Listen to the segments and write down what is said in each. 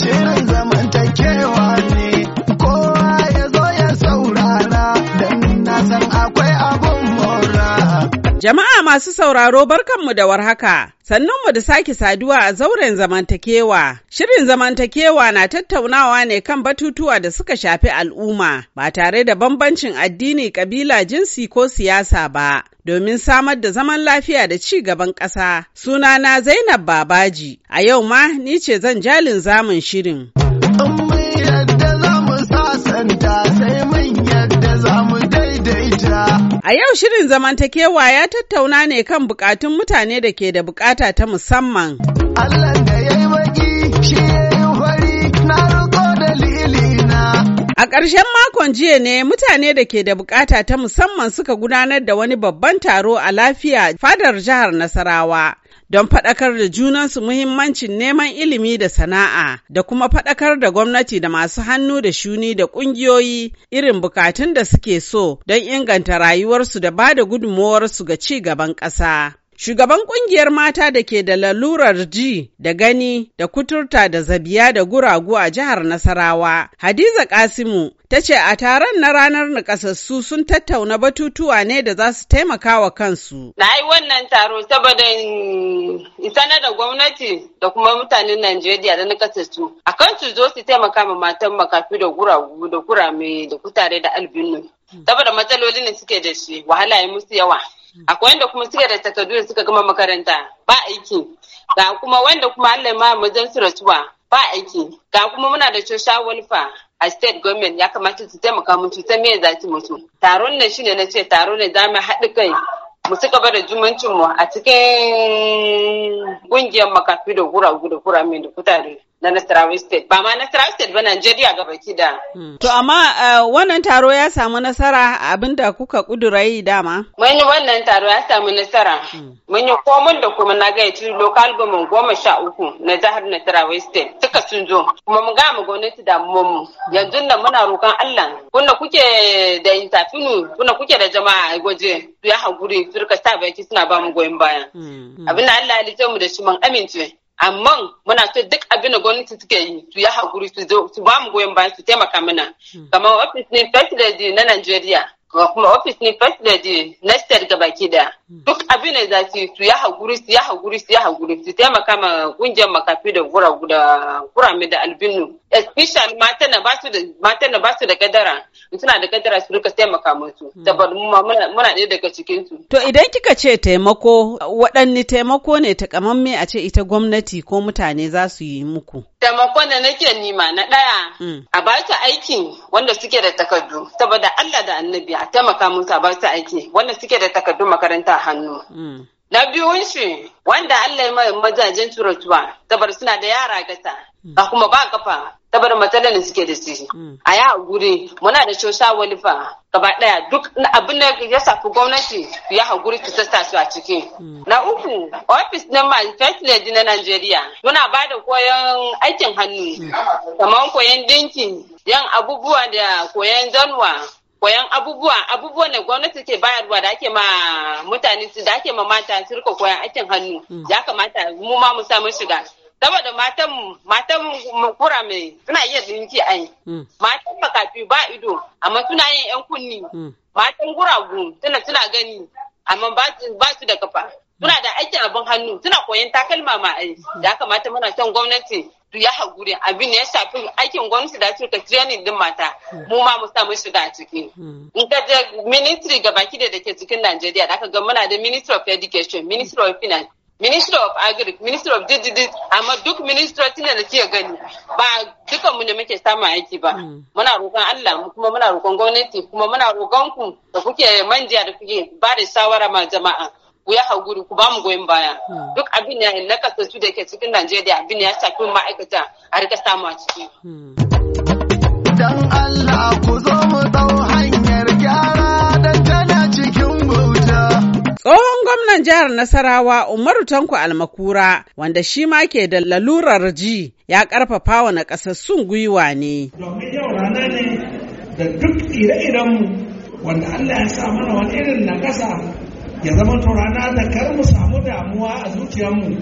Shirin zama Jama'a masu sauraro barkanmu da warhaka, mu da sake saduwa a zauren zamantakewa. Shirin zamantakewa na tattaunawa ne kan batutuwa da suka shafi al'umma ba tare da bambancin addini, kabila, jinsi ko siyasa ba. Domin samar da zaman lafiya da ci gaban ƙasa, sunana Zainab Babaji, a yau ma ni ce zan jalin zamun shirin. sai A yau shirin zamantakewa ya tattauna ne kan bukatun mutane da ke da bukata ta musamman. Allah da ya yi baki shi fari na da lilina. A ƙarshen makon jiya ne mutane da ke da bukata ta musamman suka gudanar da wani babban taro a lafiya fadar jihar Nasarawa. don faɗakar da junansu muhimmancin neman ilimi da sana'a da kuma faɗakar da gwamnati da masu hannu da shuni da ƙungiyoyi irin bukatun da suke so don inganta rayuwarsu da ba da gudunmuwarsu ga ci gaban ƙasa. Shugaban kungiyar mata da ke da lalurar ji da gani da kuturta da zabiya da guragu a jihar Nasarawa, Hadiza Kasimu ta ce a taron na ranar nakasassu sun tattauna batutuwa ne da za su taimaka wa kansu. Na yi wannan taro saboda sanar da gwamnati da kuma mutanen Najeriya da nakasassu a kan su zo su taimaka ma matan makafi da guragu da kurame da kutare da albinu. Hmm. Saboda matsalolin da suke da shi wahala musu yawa. akwai wanda kuma suka da takardu da suka gama makaranta ba aiki ga kuma wanda kuma Allah ma mu zan ba aiki ga kuma muna da cosha wolfa a state government ya kamata su taimaka mutu ta me za su mutu taron ne shine na ce taro ne za mu haɗu kai mu suka bada da mu a cikin kungiyar makafi da gura da gura mai da kutare na Nasarawa State ba ma Nasarawa State ba Najeriya ga baki da. Hmm. To amma eh, wannan taro ya samu nasara abinda kuka kudura yi dama? Mun wannan taro ya samu nasara. Hmm. Mun yi komun da kuma na gaya cikin local government goma sha uku na jihar Nasarawa State suka sun zo kuma mun ga mu gwamnati da mu yanzu nan muna roƙon Allah kuna kuke da intafinu kuna kuke da jama'a a gwaje su ya haƙuri su rika sa baki suna ba mu goyon baya. Hmm. Abin da Allah ya mu da shi mun amince. amma muna so duk abin da gwamnati suke yi su ya haƙuri su zo su ba mu goyon bayan su taimaka mana kama hmm. ofis ne first lady na Najeriya kuma ofis ne first lady na state gabaki daya duk abin da zai su ya haƙuri su ya haƙuri su ya haƙuri su taimaka ma kungiyar makafi da guragu da mai da albinu especially mata na basu da mata na basu da kadara suna da kadara su rika taimaka musu hmm. saboda muna ɗaya daga cikin su to idan kika ce taimako waɗanne taimako ne me a ce ita gwamnati ko mutane za su yi muku taimakon da nake nima na ɗaya hmm. a ba su aikin, wanda suke da takardu saboda Allah da annabi a taimaka musu a ba su aiki wanda suke da takardu makaranta hannu. Mm. Na biyun shi wanda Allah ya mai mazajen turatuwa tabar suna da yara gata mm. ga kuma ba kafa tabar matsalar da suke da shi. Mm. A ya guri muna da shosha wani fa gaba daya duk abin da ya safi gwamnati ya haguri ta sassa su a ciki. Na uku ofis na manifest lady na Najeriya muna ba da koyon aikin hannu kamar koyon dinki yan abubuwa da koyon zanwa koyan abubuwa abubuwan da gwamnati ke bayarwa da ake ma mutane su da ake ma mata su rika koyan aikin hannu mm. ya kamata mu ma mu samu shiga saboda matan matan kura mai suna iya a yi, mm. matan makafi ba ido amma suna yin yan kunni mm. matan guragu suna suna gani amma ba su da kafa suna da aikin abin hannu suna koyan takalma ma yi, ya kamata muna son gwamnati ya haƙuri abin ne ya shafi aikin gwamnati da ake training din mata mu ma mu samu shiga a ciki hmm. in ka je ministry ga baki da ke cikin Najeriya da aka ga muna da ministry of education ministry of finance ministry of agric ministry of digital amma duk ministry da ke gani ba dukan mu ne muke samun aiki ba hmm. muna roƙon Allah mu kuma muna roƙon gwamnati kuma muna roƙon ku da kuke manja da kuke ba da shawara ma jama'a ku ya haƙuri ku ba mu goyon baya hmm. duk abin ya nakasa su da ke cikin najeriya abin ya shafi ma'aikata a rika samu a ciki. Hmm. dan allah ku zo mu dau hanyar gyara da tana cikin bauta. tsohon gwamnan jihar nasarawa umaru tanko almakura wanda shi ma ke da lalurar ji ya karfafa wa sun gwiwa ne. domin yau rana ne da duk ire-irenmu wanda allah ya sa mana wani irin ƙasa. ya zama rana da kar mu samu damuwa a zuciyarmu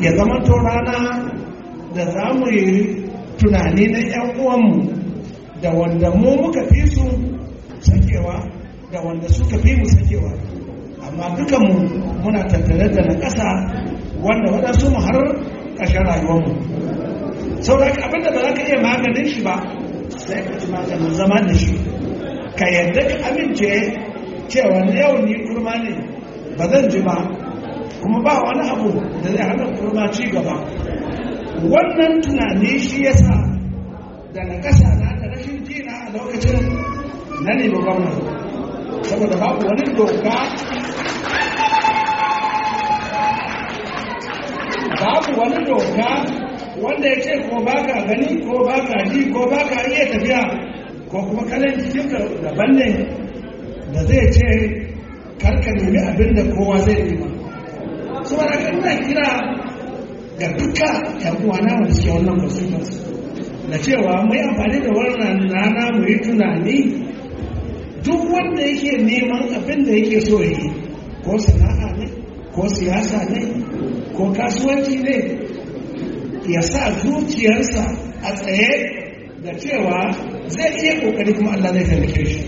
ya zama rana da za mu yi tunani na 'yan uwanmu da wanda mu muka fi su sakewa da wanda suka fi mu sakewa amma dukanmu muna tattare da na ƙasa wanda waɗansu mu har ƙarshen rayuwarmu sauraka abin da ba za ka iya maganin shi ba sai ka ci maganin zama da shi ka yadda ka amince cewa yau ni kurma ne ba zan ji ba kuma ba wani abu da zai hana kuma ci gaba wannan tunani shi ya sa da na kasa na da rashin na a lokacin na nemi gwamna saboda babu wani doka babu wani doka wanda ya ce ko ba ka gani ko ba ka ji ko ba ka iya tafiya ko kuma kalan jikinka daban ne da zai ce karka nemi abin da kowa zai nema saboda haka ina kira ga duka yan uwana wanda cikin wannan constituency da cewa mai amfani da wannan rana mu yi tunani duk wanda yake neman abin da yake so yi ko sana'a ne ko siyasa ne ko kasuwanci ne ya sa zuciyarsa a tsaye da cewa zai iya kokari kuma Allah zai taimake shi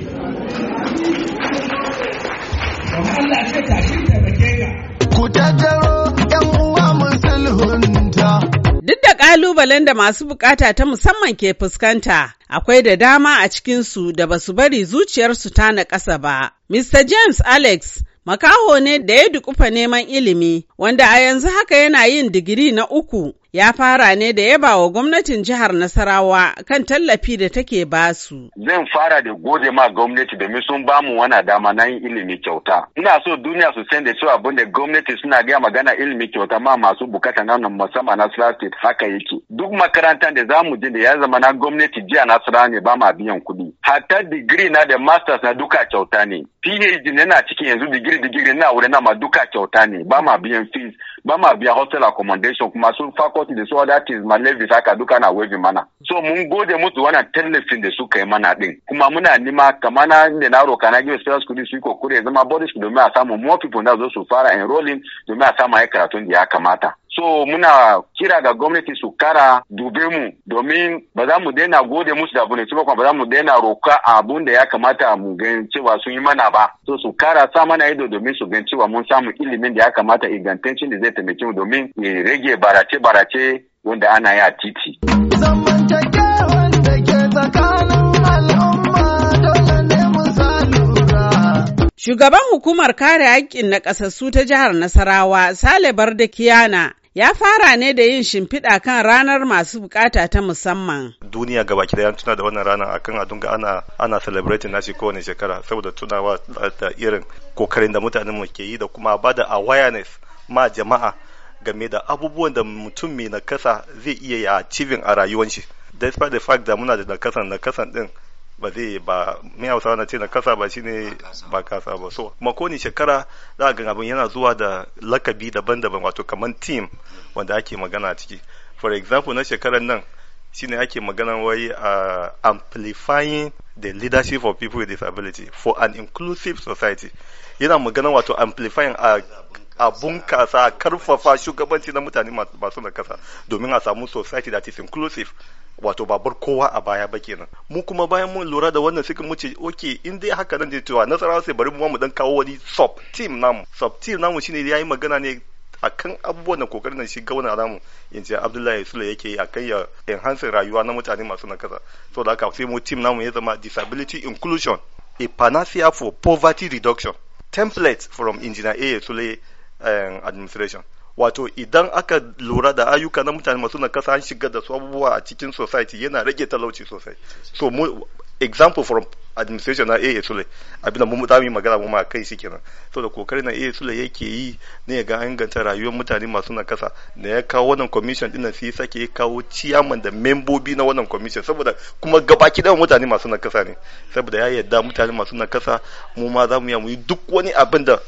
Duk da ƙalubalen da masu bukata ta musamman ke fuskanta, akwai da dama a cikinsu da ba su bari zuciyarsu ta na ƙasa ba. Mr. James Alex makaho ne da ya dukufa neman ilimi, wanda a yanzu haka yana yin digiri na uku ya fara ne da yaba wa gwamnatin jihar Nasarawa kan tallafi da take ba su. Zan fara da gode ma gwamnati domin sun bamu wani dama na yin ilimi kyauta. Ina so duniya su san da cewa abin da gwamnati suna gaya magana ilimi kyauta ma masu na nan musamman Nasarawa State haka yake. Duk makarantar da za mu je da ya zama na gwamnati jiya Nasarawa ne ba ma biyan kuɗi. Hatta digiri na da masters na duka kyauta ne. PhD na cikin yanzu digiri digiri na wurin na ma duka kyauta ne ba ma biyan fees. ba ma biya hostel accommodation kuma su faculty da su other things ma levy haka duka na waiving mana so mun gode musu wannan tallafin da suka yi mana din kuma muna nima kamar na da na roka na give sales kudi su yi kokuri zama zama su domin a samu more people na zo su fara enrolling domin a samu yi karatun da ya kamata so muna kira ga gwamnati su kara dube mu domin ba za mu daina gode musu da abune ba ba za mu daina roka abun da ya kamata mu gan cewa sun yi mana ba so su kara sa mana ido domin su gan cewa mun samu ilimin da ya kamata ingantaccen da zai taimake mu domin ya rage barace barace wanda ana yi a titi. Shugaban hukumar kare haƙƙin na ƙasassu ta jihar Nasarawa, Sale Barda Kiyana, ya fara ne da yin shimfiɗa kan ranar masu bukata ta musamman. Duniya gaba ki tuna da wannan rana akan adunga ana ana celebrating nashi kowane shekara saboda tunawa da irin kokarin da mutanenmu ke yi da kuma ba da awareness ma jama'a game da abubuwan da mutum mai nakasa zai iya ya a rayuwar shi. despite the fact da muna da nakasan nakasan din ba zai ba mai hausa na ce nakasa ba shine ba kasa ba so kuma shekara za ga abin yana zuwa da lakabi daban-daban wato kamar team wanda ake magana ciki for example na shekarar nan shine ake magana wai a ah, amplifying the leadership of people with disability for an inclusive society yana magana wato amplifying a a bunkasa a karfafa shugabanci na mutane masu nakasa domin a samu society that is inclusive wato babur kowa a baya ba kenan mu kuma bayan mun lura da wannan sai muce oke okay in dai haka nan da cewa nasarawa sai bari mu mu dan kawo wani sub team namu sub team namu shine yayi magana ne akan abubuwan da kokarin da shi gauna namu in ce Abdullahi Sule yake yi akan ya enhance rayuwa na mutane masu nakasa da haka sai mu team namu ya zama disability inclusion a panacea for poverty reduction template from engineer A Sule eh, administration wato idan aka lura da ayyuka na mutane masu nakasa an shiga da su abubuwa a cikin society yana rage talauci sosai so mu example from administration na AA Sule abin da mu za mu magana mu ma kai shi kenan so da kokarin na AA Sule yake yi ne ga inganta rayuwar mutane masu nakasa da ya kawo wannan commission din nan sai sake ya kawo chairman da membobi na wannan commission saboda kuma gabaki da mutane masu nakasa ne saboda ya yarda mutane masu nakasa mu ma za mu yi duk wani abin da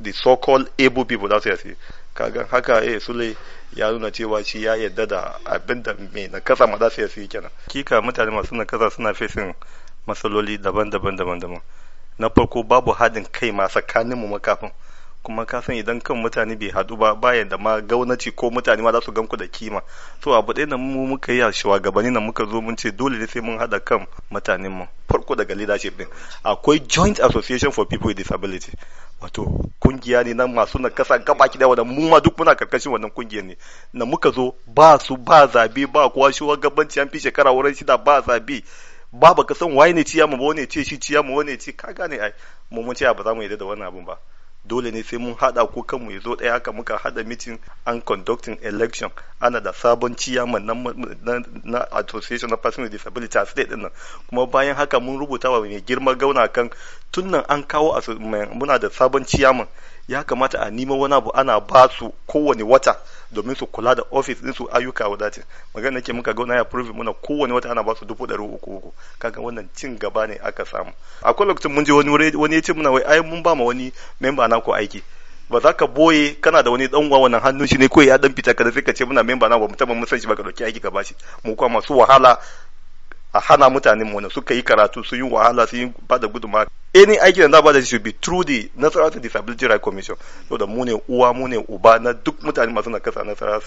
the so called able people za su kaga haka eh sule ya nuna cewa shi ya yadda da abinda da mai kasa ma za su yi kenan kika mutane masu kasa suna fesin matsaloli daban-daban daban-daban na farko babu haɗin kai ma tsakanin mu makafin kuma ka san idan kan mutane bai haɗu ba bayan da ma gwamnati ko mutane ma za su ganku da kima to abu ɗaya nan mu muka yi a shugabanni na muka zo mun ce dole ne sai mun haɗa kan mutanen mu farko daga leadership din akwai joint association for people with disability wato kungiya ne na masu na kasa gaba ki da mu ma duk muna karkashin wannan kungiyar ne na muka zo ba su ba zabi ba kuwa shugabanci an fi shekara wurin shida ba zabi ba baka san waye ne ciya mu ba wani ce shi ciya mu wani ce ka gane ai mu mun ce ba za mu yarda da wannan abun ba dole ne sai mun hada ko kanmu ya zo daya haka muka hada meeting an conducting election ana da sabon ciyama na association of persons with disability a state dinnan kuma bayan haka mun rubuta wa mai girma gauna kan tun nan an kawo muna da sabon ciyama ya kamata a nima wani abu ana ba su kowane wata domin su kula da ofis din su ayyuka wadatin magana ke muka gauna ya prove muna kowane wata ana ba su dubu ɗari uku uku kaga wannan cin gaba ne aka samu akwai lokacin mun je wani wani ya ce muna wai ai mun ba ma wani memba ko aiki ba za ka boye kana da wani dan wannan hannun shi ne ko ya dan fita ka sai ka ce muna memba na ba mu taba mun san shi ba ka dauki aiki ka bashi mu kuma masu wahala a hana mutanen mu suka yi karatu su yi wahala su yi ba da guduma any aiki da za ba da shi be through the National State Disability Rights Commission to da mu ne uwa mu ne uba na duk mutane masu kasa na National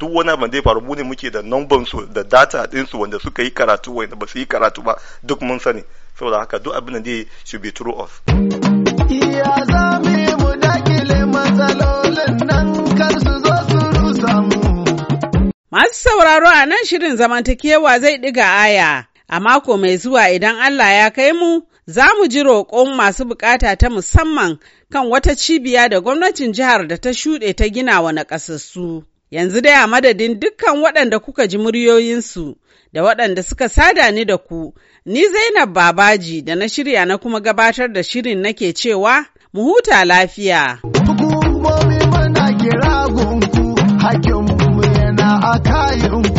duk wani abin da ya faru mu ne muke da number su da data din su wanda suka yi karatu wanda ba su yi karatu ba duk mun sani saboda haka duk abin da ya should be through us Masu sauraro a nan shirin zamantakewa zai ɗiga aya, a mako mai zuwa idan Allah ya kai mu, za mu ji roƙon masu bukata ta musamman kan wata cibiya da gwamnatin jihar da ta shuɗe ta gina wa naƙasassu. Yanzu dai a madadin dukkan waɗanda kuka ji muryoyinsu da waɗanda suka sada ni da ku, ni Zainab Babaji da na shirya na kuma gabatar da shirin nake cewa, mu huta lafiya. Hukumomi mana kira gunku, you.